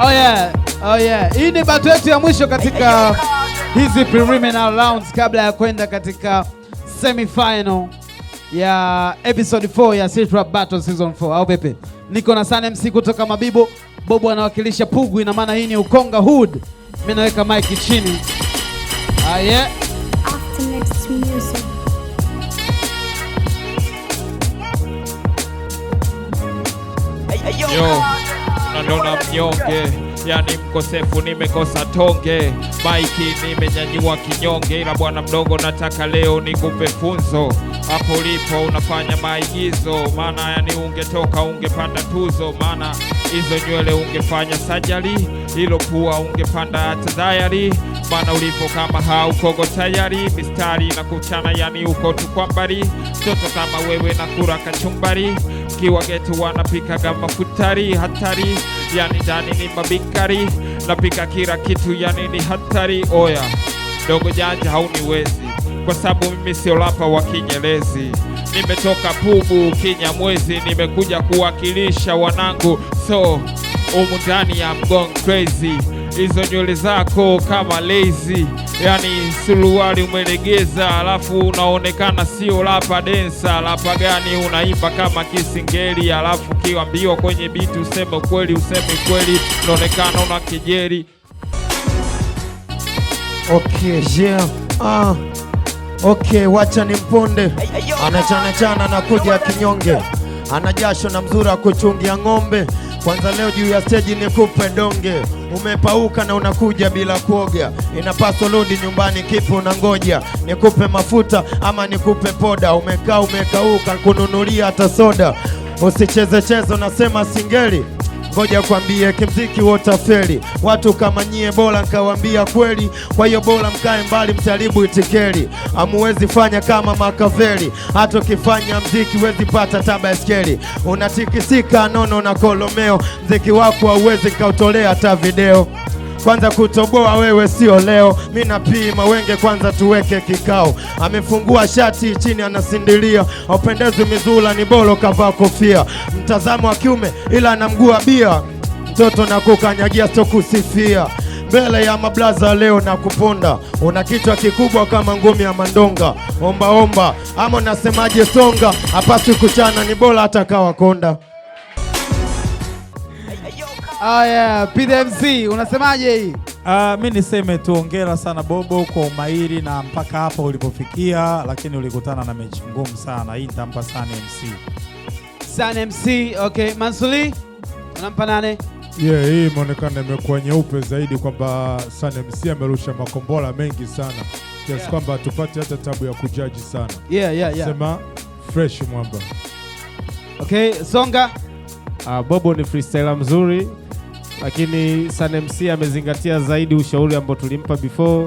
Oh yeah. Oh yeah. Hii ni bato yetu ya mwisho katika hizi preliminary rounds kabla ya kwenda katika semifinal ya episode 4 ya City Rap Battle season 4 au pepe. Niko na Sun MC kutoka Mabibo. Bobo anawakilisha Pugu, ina maana hii ni Ukonga Hood. Mimi naweka mic chini. Ah yeah. After next music. nanona mnyonge, yani mkosefu, nimekosa tonge, maiki nimenyanyua kinyonge, ila bwana mdogo, nataka leo nikupe funzo hapo ulipo unafanya maigizo, maana yani ungetoka ungepanda tuzo, maana hizo nywele ungefanya sajali, hilo pua ungepanda hata maana ulipo kama haukogo tayari, mistari na kuchana, yani uko tu kwa mbali. kama wewe na kura kachumbari, kiwa getu gama futari, hatari, yani ndani ni mabikari, napika kila kitu, yani ni hatari. Oya dogo janja, hauniwezi kwa sababu mimi sio lapa wa Kinyerezi, nimetoka mwezi Kinyamwezi, nimekuja kuwakilisha wanangu, so umu ndani ya mgong crazy hizo nywele zako kama lazy, yani suruali umelegeza, alafu unaonekana sio lapa densa. Lapa gani unaimba kama kisingeli? Alafu ukiambiwa kwenye biti useme kweli, useme kweli, unaonekana una kejeli. Okay, yeah. Ah. Okay, wacha ni mponde anachanachana na kuja kinyonge, ana jasho na mzura kuchungia ng'ombe kwanza leo juu ya steji kupe donge, umepauka na unakuja bila kuoga, inapaswa rudi nyumbani, ngoja ni Nikupe mafuta ama nikupe poda? Umekaa umekauka kununulia hata soda, usichezecheze, unasema singeli Ngoja kwambie kimziki watafeli, watu kama nyie bora nkawambia kweli. Kwa hiyo bora mkae mbali, mtaribu itikeli. Amuwezi fanya kama Makaveli, hata ukifanya mziki wezi pata taba eskeli. Unatikisika nono na kolomeo, mziki wako hauwezi kautolea hata video kwanza kutoboa wewe sio leo, mi napima wenge kwanza tuweke kikao. Amefungua shati chini anasindilia, aupendezi mizula ni bolo kavaa kofia, mtazamo wa kiume ila ana bia, mtoto na kukanyagia sio kusifia mbele ya mablaza leo na kuponda, una kichwa kikubwa kama ngumi ya mandonga. Ombaomba ama unasemaje? Songa hapaswi kuchana, ni bora hata kawa konda. Ah, yeah. PDMC unasemaje hii? Uh, mi niseme tu hongera sana Bobo kwa umahiri na mpaka hapa ulipofikia, lakini ulikutana na mechi ngumu sana. Hii nitampa Sun MC. Sun MC, okay. Mansuri unampa nane? Yeah, hii imeonekana imekuwa nyeupe zaidi kwamba Sun MC amerusha makombola mengi sana kiasi yes, kwamba tupate hata tabu ya kujaji sana. Yeah, yeah, yeah. Sema fresh mwamba. Okay, songa Uh, Bobo ni freestyler mzuri, lakini Sun MC amezingatia zaidi ushauri ambao tulimpa before.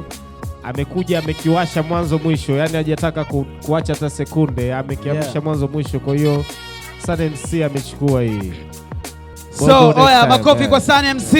Amekuja amekiwasha mwanzo mwisho, yani hajataka ku, kuacha hata sekunde, amekiamsha yeah, mwanzo mwisho. Kwa hiyo Sun MC amechukua hii. So oya makofi kwa Sun MC.